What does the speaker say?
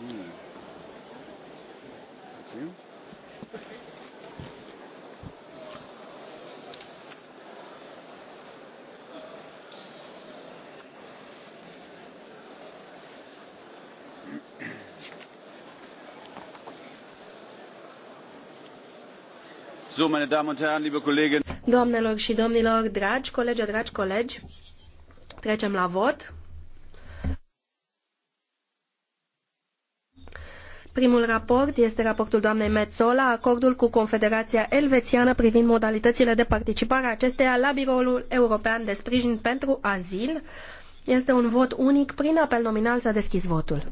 Mm. Doamnelor și domnilor, dragi colegi, dragi colegi, trecem la vot. Primul raport este raportul doamnei Metzola, acordul cu Confederația Elvețiană privind modalitățile de participare a acesteia la Biroul European de Sprijin pentru Azil. Este un vot unic. Prin apel nominal s-a deschis votul.